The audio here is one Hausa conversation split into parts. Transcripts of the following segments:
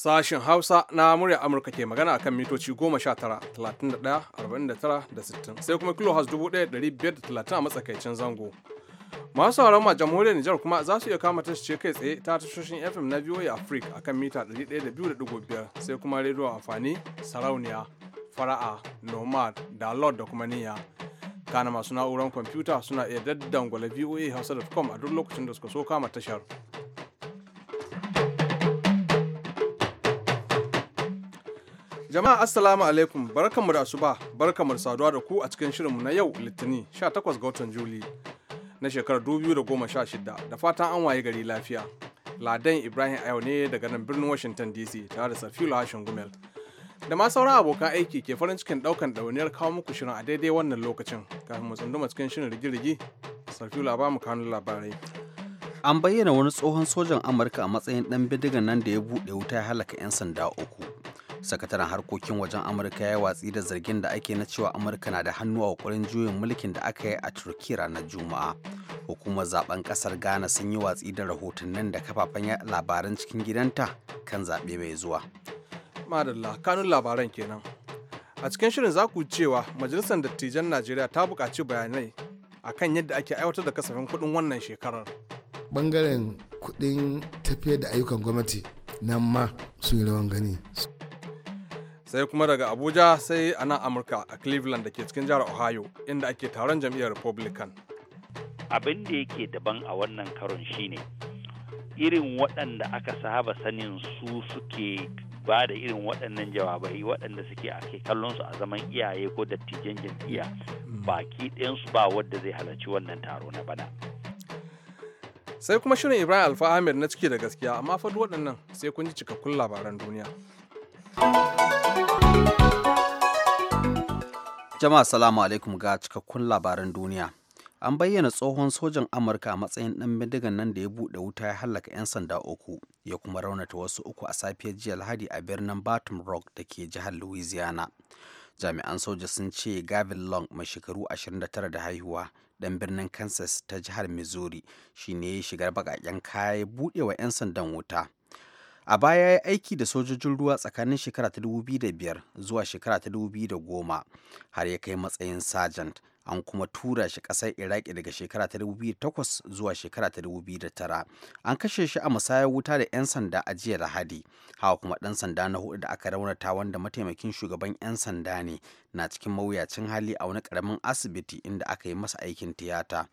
Sashen Hausa na murya Amurka ke magana akan mitoci 19, 31, 49 60 sai kuma kilohaz 1530 a matsakaicin zango. Masu sauran ma jamhuriyar Nijar kuma za su iya kama ce kai tsaye ta tashoshin FM na VOA Africa akan mita 102.5 sai kuma rediyo amfani sarauniya fara'a nomad da lord da kuma niyya kana masu na'urar kwamfuta suna iya daddangwala voa hausa.com a duk lokacin da suka so kama tashar. Jama'a Assalamu alaikum barkanmu da asuba barkanmu da saduwa da ku a cikin shirinmu na yau Litinin 18 ga watan Juli na shekarar 2016 da fatan an waye gari lafiya. Ladan Ibrahim Ayo ne daga nan birnin Washington DC tare da Safilu Hashim Gumel. Da ma sauran abokan aiki ke farin cikin daukan ɗauniyar kawo muku shirin a daidai wannan lokacin kafin mu tsunduma cikin shirin rigirigi, rigi ba mu kanun labarai. An bayyana wani tsohon sojan Amurka a matsayin ɗan bidigan nan da ya buɗe wuta ya halaka 'yan sanda uku. sakataren harkokin wajen amurka ya watsi da zargin da ake na cewa amurka na da hannu a kokarin juyin mulkin da aka yi a turki ranar juma'a hukumar zaben kasar ghana sun yi watsi da nan da kafafen labaran cikin gidanta kan zaɓe mai zuwa madalla kanun labaran kenan a cikin shirin za ku cewa majalisar dattijan najeriya ta buƙaci bayanai akan yadda ake aiwatar da kasafin kuɗin wannan shekarar bangaren kuɗin tafiyar da ayyukan gwamnati nan ma sun yi rawan gani sai kuma daga abuja sai a nan amurka a cleveland da ke cikin jihar ohio inda ake taron jam'iyyar republican abin da yake daban a wannan karon shine irin waɗanda aka saba sanin su suke ba da irin waɗannan jawabai waɗanda suke ake kallon su a zaman iyaye ko dattijan jam'iyya hmm. baki ɗayansu ba wadda zai halarci wannan taro na bana sai kuma shirin ibrahim alfa na ciki da gaskiya amma fa waɗannan sai kun ji cikakkun labaran duniya Jama'a salamu alaikum ga cikakkun labaran duniya. An bayyana tsohon sojan Amurka a matsayin ɗan bindigan nan da ya buɗe wuta ya hallaka 'yan sanda uku, ya kuma raunata wasu uku a safiyar jiya Lahadi a birnin Baton Rock da ke jihar Louisiana. Jami'an soja sun ce Gavin Long mai shekaru 29 da haihuwa ɗan birnin Kansas ta jihar Missouri shi ne ya shigar baƙaƙen kaya ya buɗe wa 'yan sandan wuta. a baya ya aiki da sojojin ruwa tsakanin shekara ta 2005 zuwa shekara ta 2010 har ya kai matsayin sergeant an kuma tura shi ƙasar iraki daga shekara ta 2008 zuwa shekara ta 2009 an kashe shi a musayar wuta da 'yan sanda a jiya lahadi hawa kuma ɗan sanda na hudu da aka raunata wanda mataimakin shugaban 'yan sanda ne na cikin mawuyacin hali a wani karamin asibiti inda aka yi masa aikin tiyata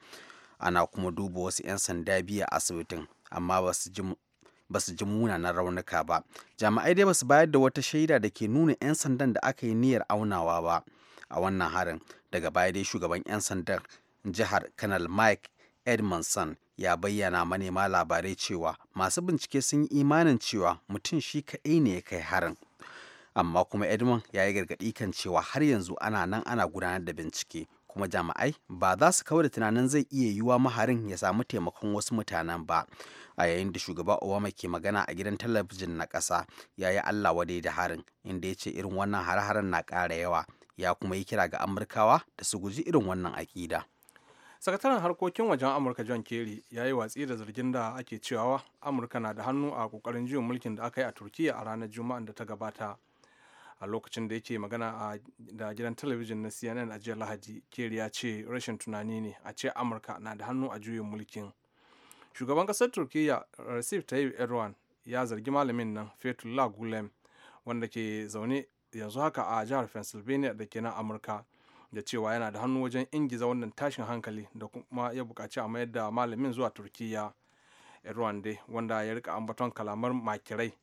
ana kuma duba wasu 'yan sanda biya asibitin amma ba su ji ba su ji munanan raunuka ba jami'ai dai ba su bayar da wata shaida da ke nuna 'yan sandan da aka yi niyyar aunawa ba a wannan harin daga baya dai shugaban 'yan sandan jihar kanal mike edmondson ya bayyana manema labarai cewa masu bincike sun yi imanin cewa mutum shi kaɗai ne ya kai harin amma kuma edmond ya yi gargaɗi kan cewa har yanzu ana nan ana gudanar da bincike kuma jami'ai ba za su kawar da tunanin zai iya yiwuwa maharin ya samu taimakon wasu mutanen ba a yayin da shugaba obama ke magana a gidan talabijin na ƙasa ya yi allah wadai da harin inda ya ce irin wannan har-haren na ƙara yawa ya kuma yi kira ga amurkawa da su guji irin wannan aƙida sakataren harkokin wajen amurka john kerry ya yi watsi da zargin da ake cewa amurka na da hannu a kokarin juyin mulkin da aka yi a turkiya a ranar juma'a da ta gabata a lokacin da yake magana a da gidan talabijin na cnn a jiya lahadi keri ya ce rashin tunani ne a ce amurka na da hannu a juyin mulkin shugaban kasar turkiyya recep tayyip erdogan ya zargi malamin nan fetullah gulen wanda ke zaune yanzu haka a jihar pennsylvania da ke nan amurka da cewa yana da hannu wajen ingiza wannan tashin hankali da kuma ya buƙaci a mayar da malamin zuwa turkiyya erdogan dai wanda ya rika ambaton kalamar makirai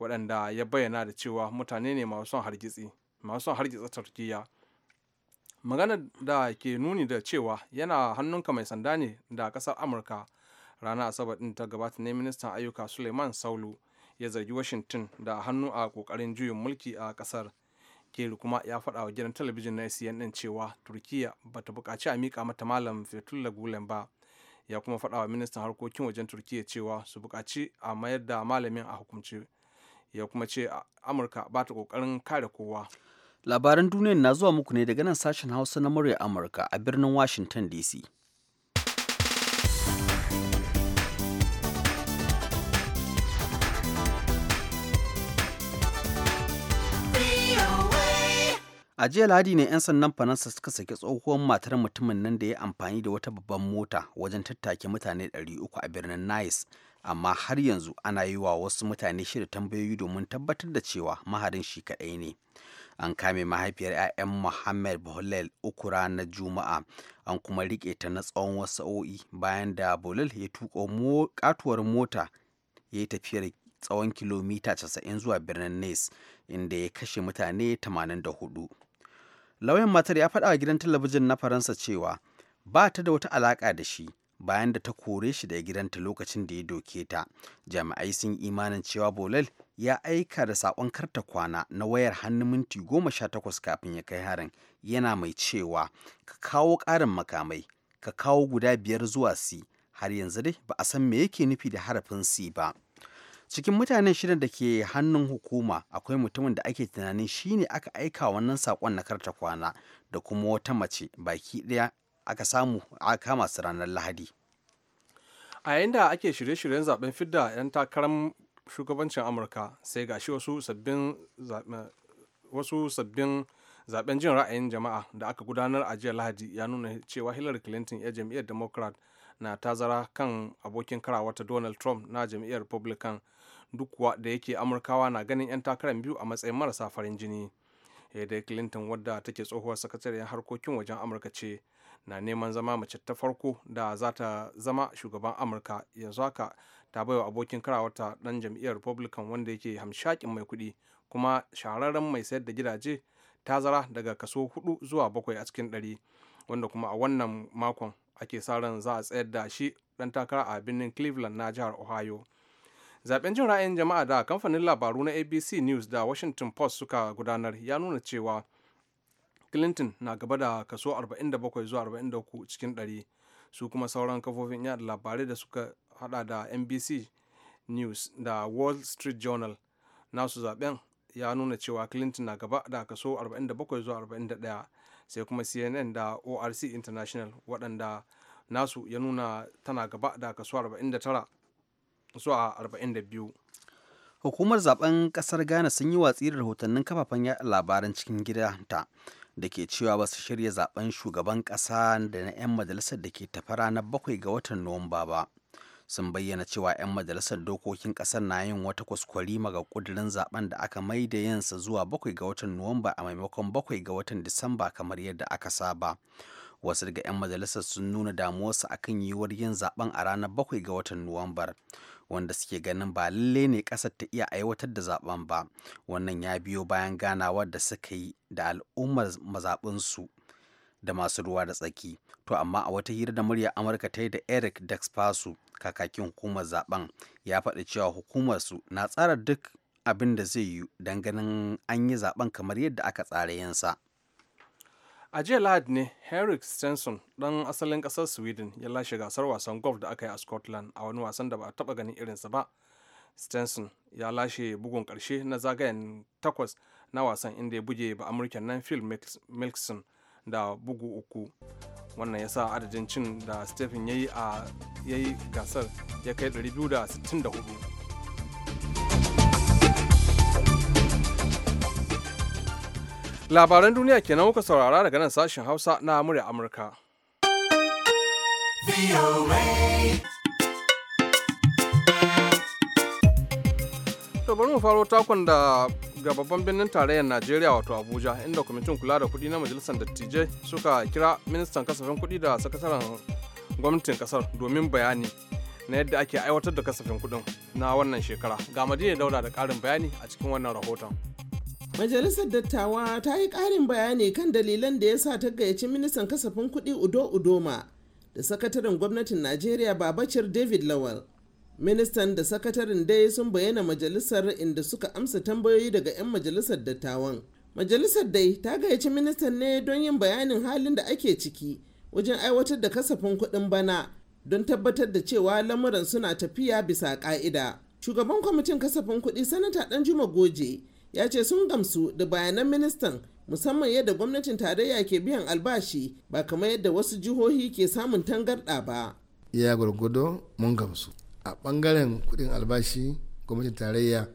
waɗanda ya bayyana da cewa mutane ne masu son hargitsi masu hargitsa turkiyya magana da ke nuni da cewa yana hannunka mai sanda ne da ƙasar amurka ranar asabar din ta gabata ne ministan ayyuka suleiman saulu ya zargi washington da hannu a kokarin juyin mulki a ƙasar keri kuma ya faɗa wa gidan talabijin na cnn cewa turkiyya ba ta buƙaci a miƙa mata malam fetullah gulen ba ya kuma faɗa wa ministan harkokin wajen turkiyya cewa su buƙaci a mayar da malamin a hukumce ya kuma ce amurka ba ta kokarin kare kowa labaran duniyar na zuwa muku ne daga nan sashen hausa na murya amurka a birnin washington dc a jiya lahadi ne 'yan sannan faransa suka saki tsohuwar matar mutumin nan da ya amfani da wata babban mota wajen tattake mutane 300 a birnin nice amma har yanzu ana yi wa wasu mutane shida tambayoyi domin tabbatar da cewa maharin shi kaɗai ne an kame mahaifiyar 'ya'yan muhammad bolel uku ranar juma'a an kuma riƙe ta na tsawon wasu sa'o'i bayan da bolel ya tuƙo katuwar mota ya yi tafiyar tsawon kilomita 90 zuwa birnin nes inda ya kashe mutane 84 lauyan matar ya faɗa wa gidan talabijin na faransa cewa ba ta da wata alaƙa da shi bayan da ta kore shi daga gidanta lokacin da ya doke ta jami'ai sun imanin cewa bolel ya aika da sakon karta kwana na wayar hannun minti goma sha takwas kafin ya kai harin yana mai cewa ka kawo ƙarin makamai ka kawo guda biyar zuwa si har yanzu dai ba a san me yake nufi da harafin si ba cikin mutanen shirin da ke hannun hukuma akwai mutumin da ake tunanin shine aka aika wannan sakon na karta kwana da kuma wata mace baki ɗaya aka samu a kama su ranar lahadi a yayin da ake shirye-shiryen zaben fidda 'yan takarar shugabancin amurka sai ga shi wasu sabbin zaben jin ra'ayin jama'a da aka gudanar a jiya lahadi ya nuna cewa hillary clinton ya jam'iyyar democrat na tazara kan abokin karawata donald trump na jam'iyyar republican duk da yake amurkawa na ganin 'yan takarar biyu a matsayin marasa farin jini da clinton wadda take tsohuwar sakatariyar harkokin wajen amurka ce na neman zama mace ta farko da za ta zama shugaban amurka yanzu haka ta baiwa abokin karawarta dan jam'iyyar republican wanda yake hamshakin mai kuɗi kuma shahararren mai sayar da gidaje tazara daga kaso hudu zuwa bakwai a cikin ɗari wanda kuma a wannan makon ake sa ran za a tsayar da shi dan takara a birnin cleveland na jihar ohio zaben jin ra'ayin jama'a da kamfanin labaru na abc news da washington post suka gudanar ya nuna cewa clinton na gaba da kaso 47 zuwa 43 cikin 100 su kuma sauran kafofin yada labarai da suka hada da nbc news da wall street journal nasu zaben ya nuna cewa clinton na gaba da kaso 47 zuwa 41 sai kuma cnn da orc international waɗanda nasu ya nuna tana gaba da kaso 49 zuwa 42 hukumar zaben kasar ghana sun yi watsi da rahotannin kafafen yaɗa labaran cikin gidanta da ke cewa ba su shirya zaben shugaban ƙasa da na 'yan majalisar da ke tafi ranar bakwai ga watan nuwamba ba sun bayyana cewa 'yan majalisar dokokin ƙasar na yin wata kwaskwarima ga ƙudurin zaben da aka mai da yansa zuwa bakwai ga watan nuwamba a maimakon bakwai ga watan disamba kamar yadda aka saba wasu daga 'yan majalisar sun nuna damuwarsu akan yiwuwar yin zaben a ranar bakwai ga watan nuwambar wanda suke ganin ba lalle ne ƙasar ta iya aiwatar da zaben ba wannan ya biyo bayan ganawa da suka yi da al'ummar mazaɓinsu da masu ruwa da tsaki to amma a wata hira da muryar amurka ta yi da eric daxpasu kakakin hukumar zaben ya faɗi cewa hukumar su na tsara duk abin da zai yi don ganin an yi zaben kamar yadda aka tsara yinsa. a jiya lahadi ne henrik stenson dan asalin kasar sweden ya lashe gasar wasan golf da aka yi a scotland a wani wasan da ba a taba ganin irinsa ba stenson ya lashe bugun karshe na zagayen takwas na wasan inda ya buge ba amurken nan phil milkson da bugu uku wannan ya sa adadin cin da stephen ya yi gasar ya kai 264 labaran duniya kenan kuka saurara daga nan sashen hausa na murya amurka to bari mu faro takon da ga babban birnin tarayyar najeriya wato abuja inda kwamitin kula da kuɗi na majalisar dattijai suka kira ministan kasafin kuɗi da sakataren gwamnatin kasar domin bayani na yadda ake aiwatar da kasafin kuɗin na wannan shekara ga madina daura da ƙarin bayani a cikin wannan rahoton Majalisar Dattawa ta yi ƙarin bayani kan dalilan da ya sa ta gayyaci ministan kasafin kuɗi Udo Udoma da sakataren gwamnatin Najeriya Babacir David Lawal. Ministan da sakataren dai sun bayyana majalisar inda suka amsa tambayoyi daga 'yan majalisar dattawan. Majalisar dai ta gayyaci ministan ne don yin bayanin halin da ake ciki wajen aiwatar da kasafin kuɗin bana don tabbatar da cewa lamuran suna tafiya bisa ƙa'ida. Shugaban kwamitin kasafin kuɗi Sanata Ɗanjuma Goje ya ce sun gamsu da bayanan ministan musamman yadda gwamnatin tarayya ke biyan albashi ba kamar yadda wasu jihohi ke samun tangarɗa ba. ya gwargwado mun gamsu a bangaren kuɗin albashi gwamnatin tarayya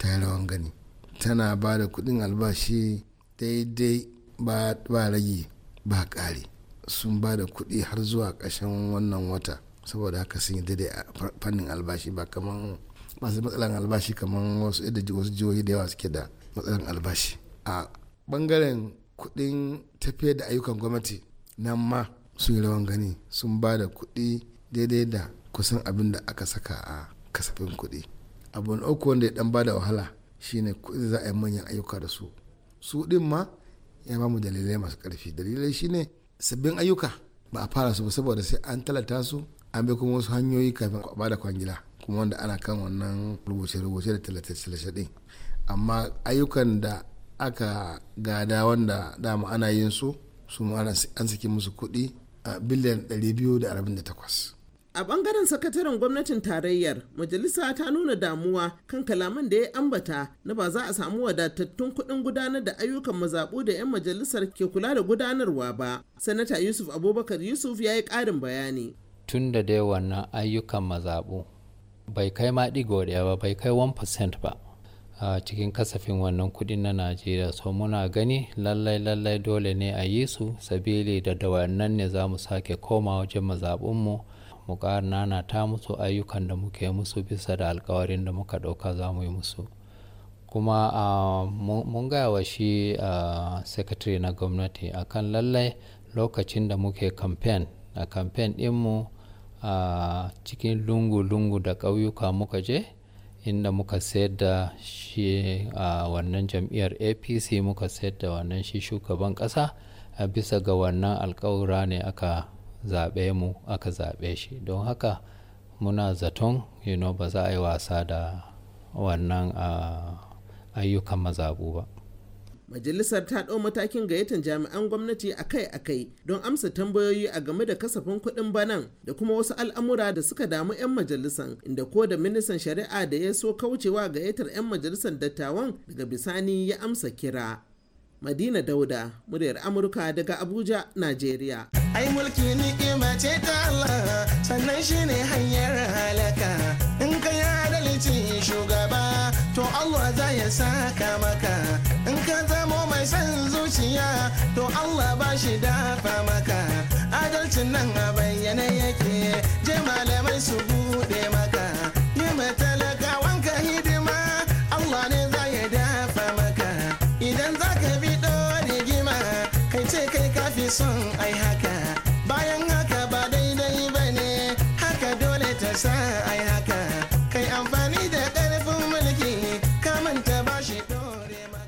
ta yi rawan gani tana ba da kuɗin albashi daidai ba rage ba kare sun ba da kuɗi har zuwa ƙarshen wannan wata saboda haka sun yi daidai a fannin albashi ba kamar masu matsalan albashi kamar wasu yadda wasu jihohi da yawa suke da matsalan albashi a bangaren kuɗin tafiyar da ayyukan gwamnati nan ma sun yi rawan gani sun ba da kuɗi daidai da kusan abin da aka saka a kasafin kuɗi abu na uku wanda ya dan ba da wahala shine kuɗi za a yi manyan ayyuka da su su ɗin ma ya ba mu dalilai masu karfi dalilai shine sabbin ayyuka ba a fara su ba saboda sai an talata su an bi kuma wasu hanyoyi kafin a ba da kwangila kuma wanda ana kan wannan rubuce-rubuce da tallace din amma ayyukan da aka gada wanda dama ana yin su su an saki musu kuɗi a biliyan 248 a bangaren sakataren gwamnatin tarayyar majalisa ta nuna damuwa kan kalaman da ya ambata na ba za a samu wadatattun kuɗin gudanar da ayyukan mazaɓu da 'yan majalisar ke kula da gudanarwa ba sanata yusuf abubakar yusuf ya yi ƙarin bayani tun da dai wannan ayyukan mazaɓu bai kai ma ɗigo ɗaya ba bai kai 1% ba a cikin kasafin wannan kudin na najeriya so muna gani lallai lallai dole ne a yi su sabili da da ne za mu sake koma wajen mazaɓinmu mu ƙara ta musu ayyukan da muke musu bisa da alkawarin da muka ɗauka za mu yi musu kuma mun gaya wa shi secretary na gwamnati akan lallai lokacin da muke campaign a campaign ɗinmu a cikin lungu-lungu da ƙauyuka muka je inda muka sayar da shi a wannan jam'iyyar apc muka sayar da wannan shi shugaban ƙasa a bisa ga wannan alƙawura ne aka zaɓe mu aka zaɓe shi don haka muna zaton you ba za a yi wasa da wannan ayyukan mazaɓu ba majalisar ta ɗau matakin gayyatar jami'an gwamnati akai-akai don amsa tambayoyi a game da kasafin kuɗin banan da kuma wasu al'amura da suka damu 'yan majalisan inda ko da ministan shari'a da ya so kaucewa gayyatar 'yan majalisar dattawan daga bisani ya amsa kira madina dauda muryar amurka daga abuja najeriya ai mulki ni'ima ce ta allah sannan shi ne hanyar halaka in ka yi adalci shugaba to allah za ya saka maka san zuciya to Allah ba shi dafa maka adalcin nan a bayyane yake je malamai su bude maka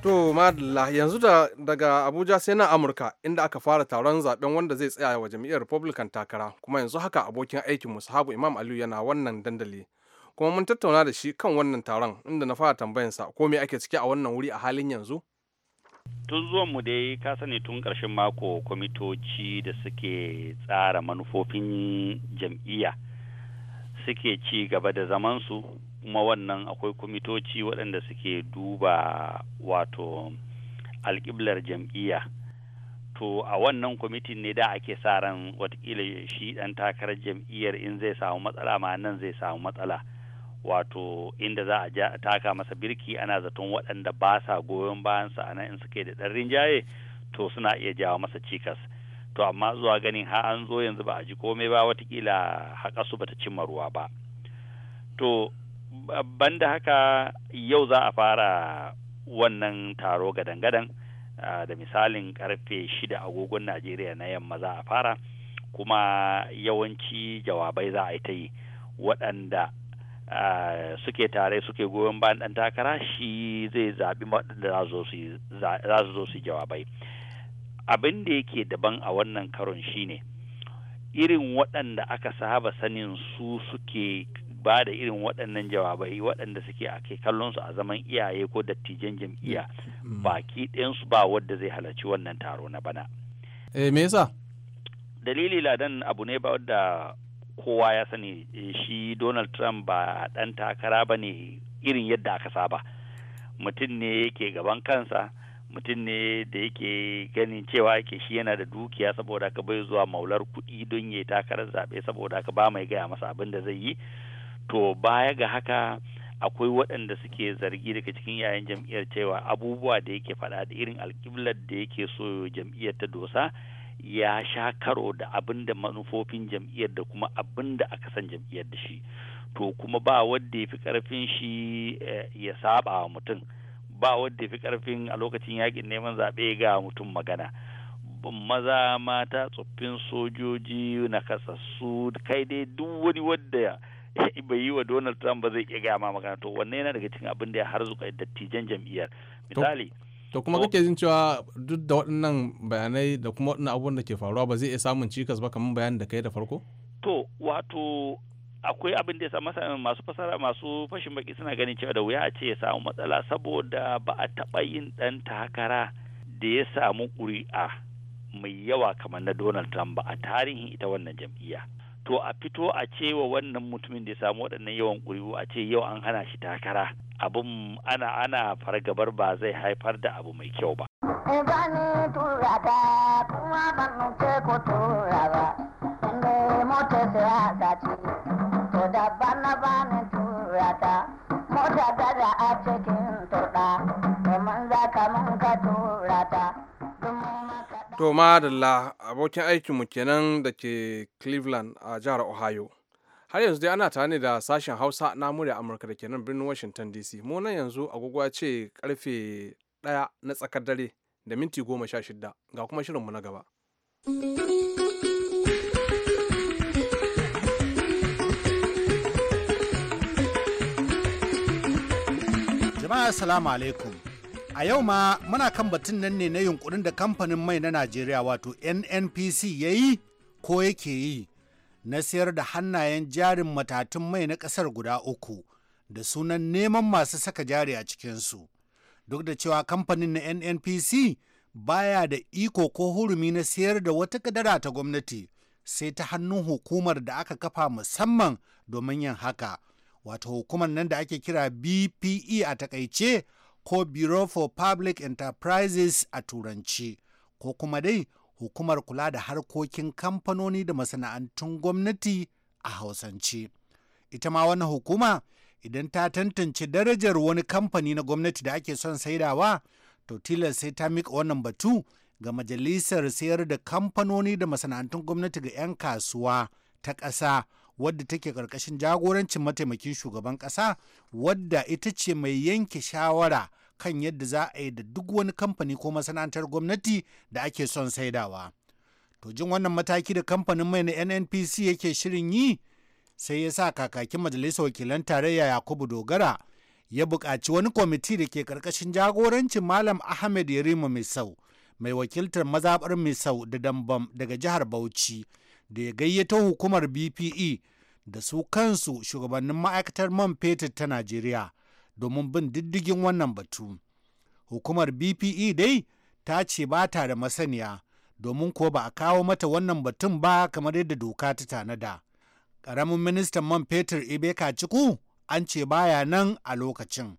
To madalla yanzu daga Abuja sai na Amurka inda aka fara taron zaben wanda zai tsaya wa jam'iyyar Republican takara kuma yanzu haka abokin aikin mu Sahabu Imam Aliyu yana wannan dandali. Kuma mun tattauna da shi kan wannan taron inda na fara tambayansa ko me ake ciki a wannan wuri a halin yanzu? tun zuwan mu dai ka sani tun karshen mako kwamitoci da suke tsara manufofin jam'iyya suke ci gaba da zamansu kuma wannan akwai kwamitoci waɗanda suke duba wato alƙiblar jam'iyya to a wannan kwamitin ne da ake sa ran watakila shi ɗan takarar jam'iyyar in zai samu matsala ma nan zai samu matsala wato inda za a taka masa birki ana zaton waɗanda ba sa goyon bayansa a nan in suke da ɗan rinjaye to suna iya jawo masa cikas to amma zuwa ganin har an zo yanzu ba a ji komai ba watakila haƙa su bata cimma ruwa ba to banda haka yau za a fara wannan taro gadan-gadan da misalin karfe shida agogon najeriya na yamma za a fara kuma yawanci jawabai za a yi ta yi waɗanda suke tare suke goyon bayan ɗan takara shi zai zaɓi waɗanda za su zo su jawabai abin da yake daban a wannan karon shine irin waɗanda aka saba sanin su suke ba da irin waɗannan jawabai waɗanda suke a kallon su a zaman iyaye ko dattijan jam'iyya mm. baki ɗayansu ba wadda zai halarci wannan taro na bana. Eh me yasa? Dalili ladan abu ne ba wadda kowa ya sani eh, shi Donald Trump ba ɗan takara ba ne irin yadda aka saba. Mutum ne yake gaban kansa. mutum ne da yake ganin cewa yake shi yana da dukiya saboda ka bai zuwa maular kuɗi don ya takarar zaɓe saboda ka ba mai gaya masa abin da zai yi to baya ga haka akwai waɗanda suke zargi daga cikin yayan jam'iyyar cewa abubuwa da yake faɗa da irin alƙiblar da yake so jam'iyyar ta dosa ya sha karo da abin da manufofin jam'iyyar da kuma abin da aka san jam'iyyar da shi to kuma ba wadda ya fi ƙarfin shi eh, ya saba wa mutum ba wadda ya fi ƙarfin a lokacin yakin neman zaɓe ga mutum magana maza mata tsoffin sojoji na kasassu kai dai duk wani wadda bai yi wa Donald Trump ba zai iya gaya ma magana to wanne yana daga cikin abin da ya harzuka dattijan jam'iyyar misali to kuma kake jin cewa duk da waɗannan bayanai da kuma waɗannan abubuwan da ke faruwa ba zai iya samun cikas ba kamar bayanin da kai da farko to wato akwai abin da ya samu masu fasara masu fashin baki suna ganin cewa da wuya a ce ya samu matsala saboda ba a taɓa yin ɗan takara da ya samu ƙuri'a mai yawa kamar na Donald Trump ba a tarihin ita wannan jam'iyya. to a fito a cewa wannan mutumin da ya samu waɗannan yawan ƙuri'u a ce yau an hana shi takara abin ana fargabar ba zai haifar da abu mai kyau ba. Gani eh, tura ta kuma ban nuke ko tura ba, inda mota siyasa ce, to daban na bani tura ta, mota a cikin turɗa, domin za ka ka tura To madalla abokin aikinmu kenan da ke Cleveland a jihar Ohio. Har yanzu dai ana tare da sashen Hausa na murya Amurka da kenan birnin Washington DC. Mu nan yanzu agogwa ce karfe ɗaya na tsakar dare da minti goma sha shida ga kuma shirinmu na gaba. Jama'a salamu alaikum. A yau ma muna kan batun nan ne na yunkurin da kamfanin mai na Najeriya wato NNPC ya yi ko yake yi na sayar da hannayen jarin matatun mai na ƙasar guda uku da sunan neman masu saka jari a cikinsu. Duk da cewa kamfanin na NNPC baya da iko ko hurumi na sayar da wata kadara ta gwamnati sai ta hannun hukumar da aka kafa musamman domin yin haka. Wato hukumar nan da ake kira BPE a takaice ko Bureau for Public Enterprises a Turanci, ko kuma dai Hukumar Kula da Harkokin Kamfanoni da Masana'antun Gwamnati a Hausance. Ita ma wannan hukuma idan ta tantance darajar wani kamfani na gwamnati da ake son saidawa, to tilas sai ta miƙa wannan batu ga Majalisar Sayar da Kamfanoni da Masana'antun Gwamnati ga 'yan kasuwa ta ƙasa. wadda take karkashin jagorancin mataimakin shugaban ƙasa wadda ita ce mai yanke shawara kan yadda za a yi da duk wani kamfani ko masana'antar gwamnati da ake son saidawa. To jin wannan mataki da kamfanin mai na NNPC yake shirin yi sai ya sa kakakin majalisar wakilan tarayya Yakubu Dogara ya buƙaci wani kwamiti da ke ƙarƙashin jagorancin Malam Ahmed Yarima Misau mai wakiltar mazaɓar Misau da Dambam daga jihar Bauchi da ya gayyato hukumar bpe da su kansu shugabannin ma'aikatar man fetur ta najeriya domin bin diddigin wannan batu hukumar bpe dai ta ce ba ta da masaniya domin ko ba a kawo mata wannan batun ba kamar yadda doka ta tanada ƙaramin ministan man fetur ibeka ciku an ce baya nan a lokacin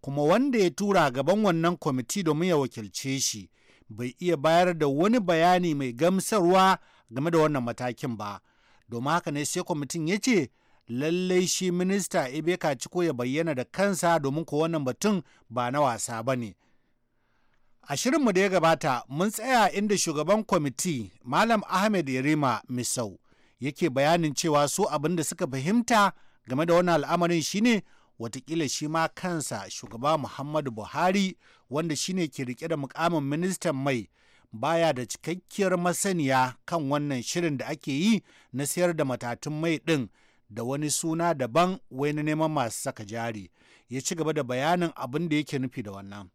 kuma wanda ya tura gaban wannan kwamiti domin ya wakilce shi bai iya bayar da wani bayani mai gamsarwa game da wannan matakin ba domin haka ne sai kwamitin ya ce lallai shi minista ka ciko ya bayyana da kansa domin ko wannan batun ba na wasa ba ne a shirinmu da ya gabata mun tsaya inda shugaban kwamiti malam ahmed yarima misau yake bayanin cewa su abin da suka fahimta game da wannan al'amarin shine watakila shi ma kansa shugaba muhammadu buhari wanda shine ke rike da mukamin ministan mai baya da cikakkiyar masaniya kan wannan shirin da ake yi na sayar da matatun mai ɗin da wani suna daban wai na neman masu saka jari ya ci gaba da bayanin abin da yake nufi da wannan.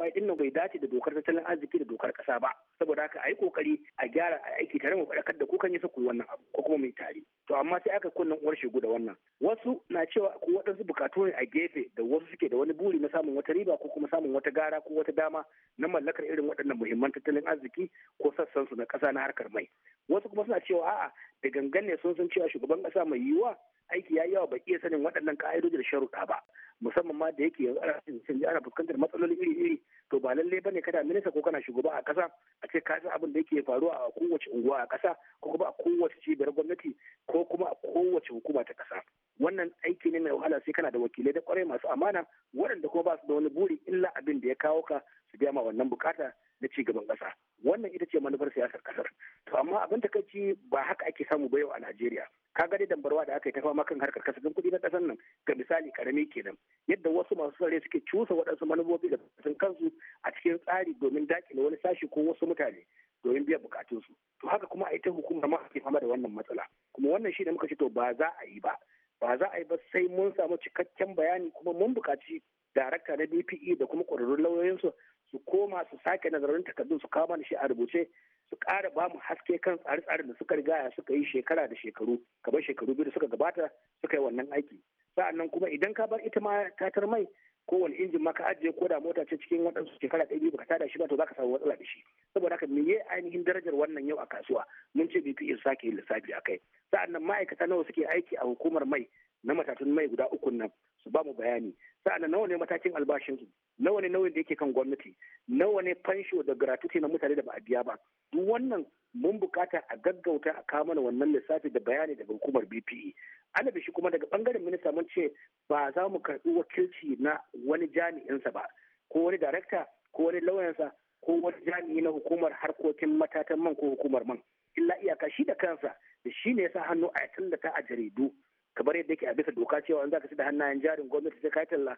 cewa din nan bai dace da dokar tattalin arziki da dokar kasa ba saboda haka yi kokari a gyara a aiki tare mu fadakar da kukan yasa ku wannan abu ko kuma mai tare to amma sai aka kunnan uwar shigo da wannan wasu na cewa ko waɗansu bukatu ne a gefe da wasu suke da wani buri na samun wata riba ko kuma samun wata gara ko wata dama na mallakar irin waɗannan muhimman tattalin arziki ko sassan su na ƙasa na harkar mai wasu kuma suna cewa a'a da gangan ne sun san cewa shugaban kasa mai yiwuwa aiki ya yi yawa bai iya sanin waɗannan ka'idoji da sharuɗa ba musamman ma da yake yanzu ana canji ana fuskantar matsaloli iri-iri to ba lalle ba ne kada minista ko kana shugaba a kasa a ce ka san abin da yake faruwa a kowace unguwa a kasa ko kuma a kowace cibiyar gwamnati ko kuma a kowace hukuma ta kasa wannan aiki ne mai wahala sai kana da wakilai da kwarai masu amana waɗanda kuma ba su da wani buri illa abin da ya kawo ka su biya ma wannan bukata na ci gaban ƙasa wannan ita ce manufar siyasar ƙasar to amma abin takaici ba haka ake samu ba yau a Najeriya ka ga dai dambarwa da aka yi ta fama kan harkar kasafin kuɗi na ƙasar nan ga misali karami kenan yadda wasu masu tsare suke cusa waɗansu manufofi da sun kansu a cikin tsari domin dakile wani sashi ko wasu mutane domin biyan bukatunsu to haka kuma a ita hukumar ma ake fama da wannan matsala kuma wannan shi muka ce to ba za a yi ba ba za a yi ba sai mun samu cikakken bayani kuma mun bukaci darakta na DPE da kuma ƙwararrun lauyoyinsu koma su sake nazarin takardun su kawo mana shi a rubuce su ƙara ba mu haske kan tsare tsare da suka rigaya suka yi shekara da shekaru kamar shekaru biyu da suka gabata suka yi wannan aiki sa'annan kuma idan ka bar ita ma tatar mai ko wani injin maka ajiye ko da mota ce cikin waɗansu shekara ɗaya biyu baka tada shi ba to zaka samu matsala da shi saboda haka me ye ainihin darajar wannan yau a kasuwa mun ce bai fi sake yin lissafi kai. sa'annan ma'aikata nawa suke aiki a hukumar mai na matatun mai guda uku nan su ba mu bayani sa'an nawa ne matakin albashinsu nawa ne nauyin da yake kan gwamnati nawa ne fansho da gratuity na mutane da ba a biya ba duk wannan mun bukata a gaggauta a kawo mana wannan lissafi da bayani daga hukumar BPE alabi shi kuma daga bangaren minista mun ce ba za mu karbi wakilci na wani jami'insa ba ko wani darakta ko wani lauyansa ko wani jami'i na hukumar harkokin matatan man ko hukumar man illa iyaka shi da kansa da shi ne ya sa hannu a tallata a jaridu kamar yadda yake a bisa doka cewa an zaka ci da hannayen jarin gwamnati sai ka talla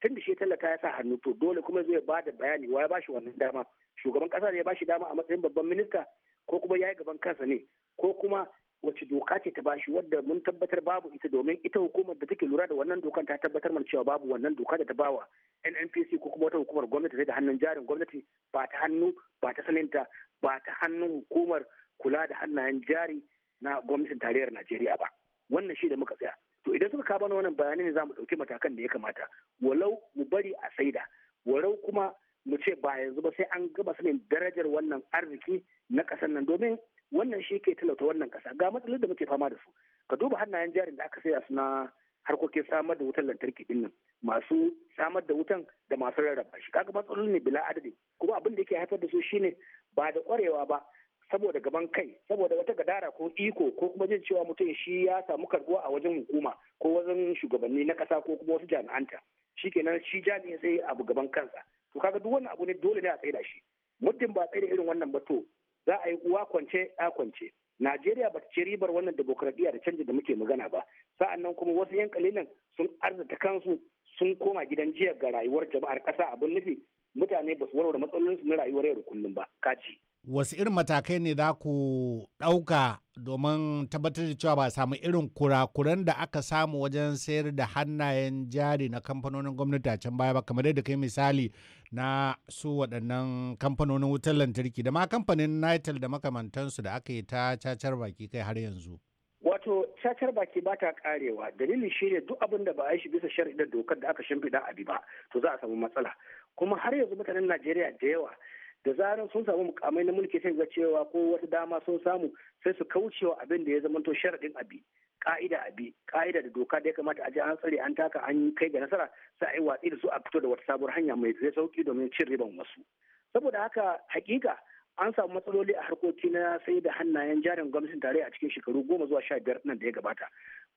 tun da shi talla ta sa hannu to dole kuma zai ba da bayani wa ya ba shi wannan dama shugaban kasa ne ya ba shi dama a matsayin babban minista ko kuma ya yi gaban kansa ne ko kuma wace doka ce ta bashi wadda mun tabbatar babu ita domin ita hukumar da take lura da wannan dokan ta tabbatar mana cewa babu wannan doka da ta bawa NNPC ko kuma wata hukumar gwamnati sai da hannun jarin gwamnati ba ta hannu ba ta saninta ba ta hannun hukumar kula da hannayen jari na gwamnatin tarayyar Najeriya ba. wannan shi da muka tsaya to idan suka kawo wannan bayanai ne za mu ɗauki matakan da ya kamata walau mu bari a saida walau kuma mu ce ba yanzu ba sai an gaba sanin darajar wannan arziki na ƙasar nan domin wannan shi ke talauta wannan ƙasa ga matsalolin da muke fama da su ka duba hannayen jarin da aka saya su na harkokin samar da wutar lantarki din nan masu samar da wutan da masu rarraba shi kaga matsaloli ne bila adadi kuma abin da yake haifar da su shine ba da kwarewa ba saboda gaban kai saboda wata gadara ko iko ko kuma jin cewa mutum shi ya samu karbuwa a wajen hukuma ko wajen shugabanni na kasa ko kuma wasu jami'anta shikenan shi jami'in sai abu gaban kansa to kaga duk wani abu ne dole ne a da shi muddin ba tsaida irin wannan ba to za a yi uwa kwance a kwance Najeriya ba ta ce ribar wannan demokradiyya da canji da muke magana ba Sa'an nan kuma wasu yan kalilan sun arzata kansu sun koma gidan jiya ga rayuwar jama'ar kasa abin nufi mutane ba su warware matsalolinsu na rayuwar yau da kullum ba kaci wasu irin matakai ne za ku ɗauka domin tabbatar da cewa ba samu irin kurakuran da aka samu wajen sayar da hannayen jari na kamfanonin gwamnati a can baya ba kamar da kai misali na su waɗannan kamfanonin wutar lantarki da ma kamfanin nitel da makamantansu da aka yi ta cacar baki kai har yanzu. Wato cacar baki ba ta karewa dalilin shi ne duk abin da ba a yi shi bisa shari'ar dokar da aka shimfiɗa a bi ba to za a samu matsala kuma har yanzu mutanen Najeriya da yawa da zarar sun samu mukamai na mulki sai ga cewa ko wata dama sun samu sai su kaucewa abin da ya zama to sharaɗin abi ka'ida abi ka'ida da doka da ya kamata a ji an tsare an taka an kai ga nasara sai a yi watsi da su a fito da wata sabuwar hanya mai zai sauki domin cin riban wasu saboda haka hakika an samu matsaloli a harkoki na sai da hannayen jarin gwamnatin tarayya a cikin shekaru goma zuwa sha biyar nan da ya gabata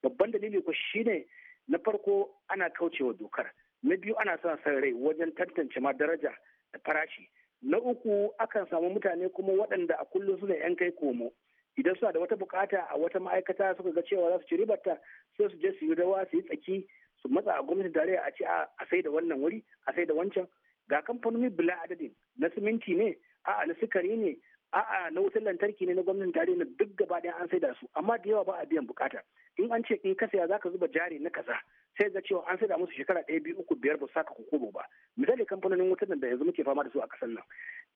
babban dalili ko shine na farko ana kaucewa dokar na biyu ana son san rai wajen tantance ma daraja da farashi na uku akan samu mutane kuma waɗanda a kullum suna yan kai komo idan suna da wata bukata a wata ma'aikata suka ga cewa za su ci ribarta sai su je su yi rawa su yi tsaki su matsa a gwamnati tarayya a ce a sai da wannan wuri a sai da wancan ga kamfanoni bila adadin na siminti ne a'a na sukari ne a'a na wutar lantarki ne na gwamnatin tare na duk gaba ɗaya an saida su amma da yawa ba a biyan bukata in an ce in ka saya zaka zuba jari na kaza sai ga cewa an saida musu shekara ɗaya biyu uku biyar ba su saka kokobo ba misali kamfanonin wutar da yanzu muke fama da su a kasar nan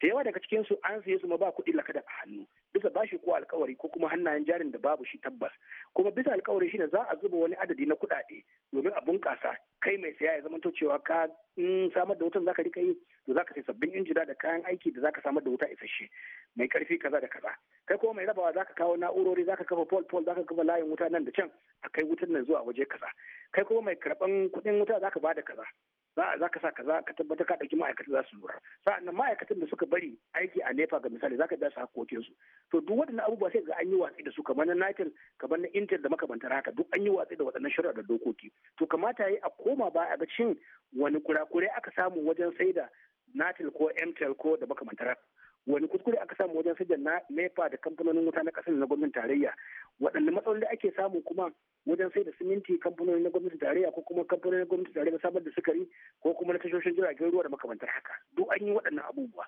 da yawa daga cikin su an saye su ma ba kuɗi lakada a hannu bisa bashi ko alkawari ko kuma hannayen jarin da babu shi tabbas kuma bisa alkawari shine za a zuba wani adadi na kuɗaɗe domin a bunkasa kai mai saya ya zama to cewa ka samar da wutan zaka rika yi to zaka sai sabbin injina da kayan aiki da zaka samar da wuta isasshe mai karfi kaza da kaza kai kuma mai rabawa zaka kawo na'urori zaka kafa pole pole zaka kafa layin wuta nan da can a kai wutan nan zuwa waje kaza kai kuma mai karban kuɗin wuta zaka bada kaza za ka sa kaza ka tabbatar ka ɗauki ma'aikata za su lura sa'annan ma'aikatan da suka bari aiki a nefa ga misali za ka da su hakokin su to duk waɗannan abubuwa sai ga an yi watsi da su kamar na Natal kamar na intel da makamantar haka duk an yi watsi da waɗannan shirya da dokoki to kamata yi a koma ba a ga cin wani kurakurai aka samu wajen saida natil ko mtel ko da makamantar haka wani kuskure aka samu wajen sajan na nepa da kamfanonin wuta na kasar na gwamnatin tarayya waɗanne matsaloli da ake samu kuma wajen sai da siminti kamfanonin na gwamnatin tarayya ko kuma kamfanonin na gwamnatin tarayya na samar da sukari ko kuma na tashoshin jiragen ruwa da makamantar haka duk an yi waɗannan abubuwa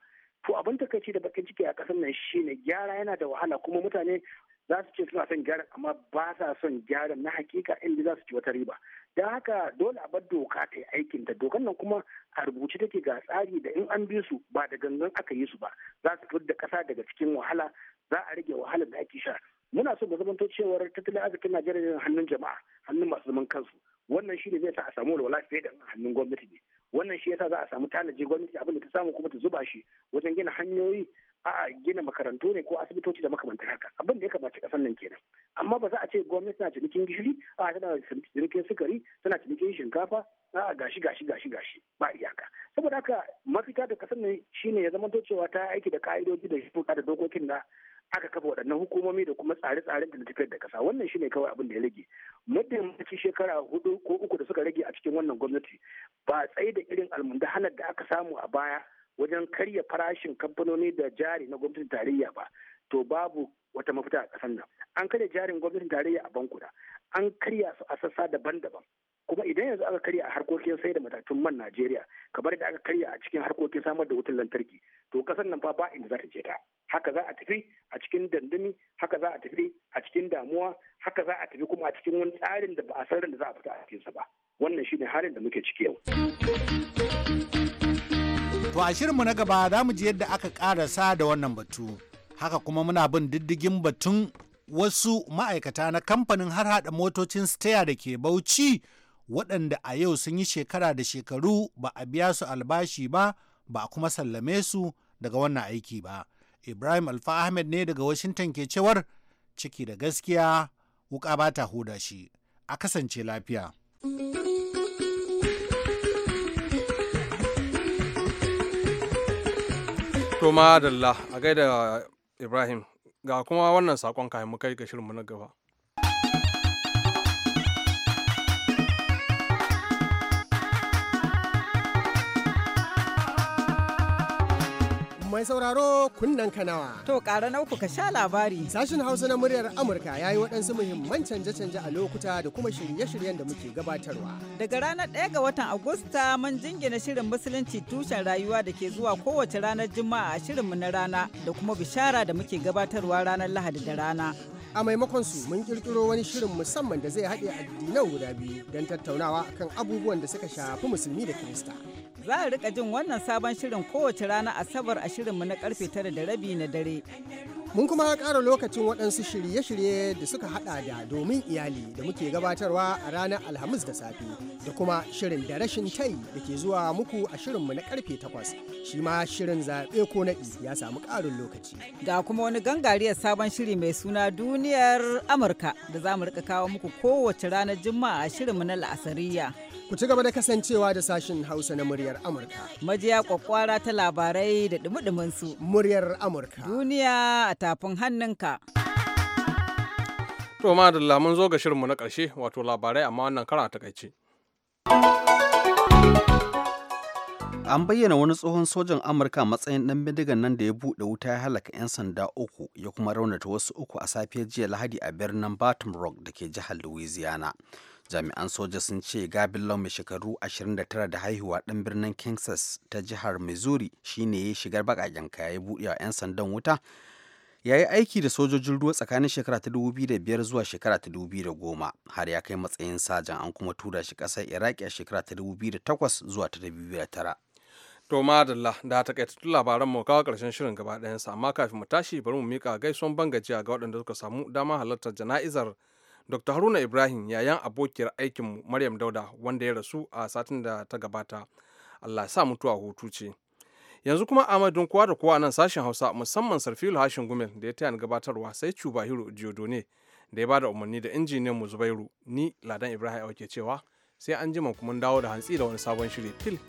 to abin takaici da bakin ciki a kasar nan shine gyara yana da wahala kuma mutane za su ce suna son gyaran amma ba sa son gyaran na hakika inda za su ci wata riba don haka dole a bar doka ta yi aikin ta dokan nan kuma a rubuce take ga tsari da in an bi su ba da gangan aka yi su ba za su fitar da kasa daga cikin wahala za a rage wahalar da ake sha muna so mu zamanto cewar tattalin arzikin najeriya hannun jama'a hannun masu zaman kansu wannan shi ne zai sa a samu walwala fiye da hannun gwamnati ne wannan shi yasa za a samu tanaji gwamnati abin da ta samu kuma ta zuba shi wajen gina hanyoyi a gina makarantu ne ko asibitoci da makamantar haka abin da ya kamace kasar nan kenan amma ba za a ce gwamnati na cinikin gishiri a tana cinikin sukari tana cinikin shinkafa a gashi gashi gashi gashi ba iyaka saboda haka mafita da kasar nan shine ya zama cewa ta aiki da ka'idoji da shuka da dokokin da aka kafa waɗannan hukumomi da kuma tsare-tsaren da tafiyar da ƙasa. wannan shine kawai abin da ya rage muddin mutaci shekara hudu ko uku da suka rage a cikin wannan gwamnati ba tsaye da irin almundahanar da aka samu a baya wajen karya farashin kamfanoni da jari na gwamnatin tarayya ba to babu wata mafita a ƙasar nan an karya jarin gwamnatin tarayya a bankuna an karya su a sassa daban-daban kuma idan yanzu aka karya a harkokin sai da matatun man Najeriya kamar da aka karya a cikin harkokin samar da wutar lantarki to kasar nan fa ba inda zata ta je ta haka za a tafi a cikin dandami haka za a tafi a cikin damuwa haka za a tafi kuma a cikin wani tsarin da ba a san da za a fita a cikinsa ba wannan shine halin da muke ciki yau To a shirinmu na gaba za mu ji yadda aka karasa da wannan batu. Haka kuma muna bin diddigin batun wasu ma'aikata na kamfanin har hada motocin steya da ke bauchi waɗanda a yau sun yi shekara da shekaru ba a biya su albashi ba ba a kuma sallame su daga wannan aiki ba. Ibrahim Alfa Ahmed ne daga Washington ke cewar ciki da gaskiya wuka ba ta huda shi. A kasance lafiya. To madalla a gaida Ibrahim ga kuma wannan sakon kayan mu kai ga mu na gaba. Mai sauraro kunnen kanawa. To ƙara na ka sha labari. Sashen Hausa na muryar Amurka ya yi waɗansu muhimman canje-canje a lokuta da kuma shirye-shiryen da muke gabatarwa. Daga ranar 1 ga watan Agusta mun jingina shirin Musulunci tushen rayuwa da ke zuwa kowace ranar Juma'a a shirinmu na rana da kuma bishara da muke gabatarwa ranar Lahadi da rana. a maimakon su mun kirkiro wani shirin musamman da zai haɗe addinan guda biyu don tattaunawa kan abubuwan da suka shafi musulmi da kirista Za a rika jin wannan sabon shirin kowace rana Asabar a shirinmu na karfe tara da rabi na dare. Mun kuma ƙara lokacin waɗansu shirye-shirye da suka haɗa da domin iyali da muke gabatarwa a ranar Alhamis da safe da kuma shirin da rashin tai da ke zuwa muku a shirinmu na karfe takwas. Shi ma shirin zaɓe ko naɗi ya samu ƙarin lokaci. Ga kuma wani gangariyar sabon shiri mai suna duniyar Amurka da za mu rika kawo muku kowace ranar Juma'a a shirinmu na La'asariya. Ku ci gaba da kasancewa da sashin Hausa na muryar Amurka. Majiya kwakwara ta labarai da dumudumin su. Muryar Amurka. Duniya a tafin hannunka. To ma da lamun zo ga shirinmu na ƙarshe wato labarai amma wannan kara takaice. An bayyana wani tsohon sojan Amurka matsayin ɗan bindigan nan da ya buɗe wuta ya halaka 'yan sanda uku ya kuma raunata wasu uku a safiyar jiya Lahadi a birnin Baton Rock da ke jihar Louisiana. jami'an soja sun ce gabin lau mai shekaru 29 da haihuwa ɗan birnin kansas ta jihar missouri shine ya shigar bakaken kaya ya buɗe wa 'yan sandan wuta ya yi aiki da sojojin ruwa tsakanin shekara ta 2005 zuwa shekara ta 2010 har ya kai matsayin sajan an kuma tura shi ƙasar iraki a shekara ta 2008 zuwa ta 2009 To madalla da ta tun labaran mu kawo karshen shirin gaba ɗayansa amma kafin mu tashi bari mu mika gaisuwan gajiya ga waɗanda suka samu dama halartar jana'izar Dr. Haruna Ibrahim yayan abokiyar aikinmu Maryam Dauda wanda ya rasu a satin da ta gabata. Allah sa mutuwa hutu ce. Yanzu kuma amadun kowa da kowa nan sashen Hausa musamman Sarfilu Hashin Gumel da ya taya ni gabatarwa sai Cubahiro Jiodone da ya bada umarni da injiniyan mu Zubairu ni Ladan Ibrahim ke cewa sai an jima kuma dawo da hantsi da wani sabon shiri fil.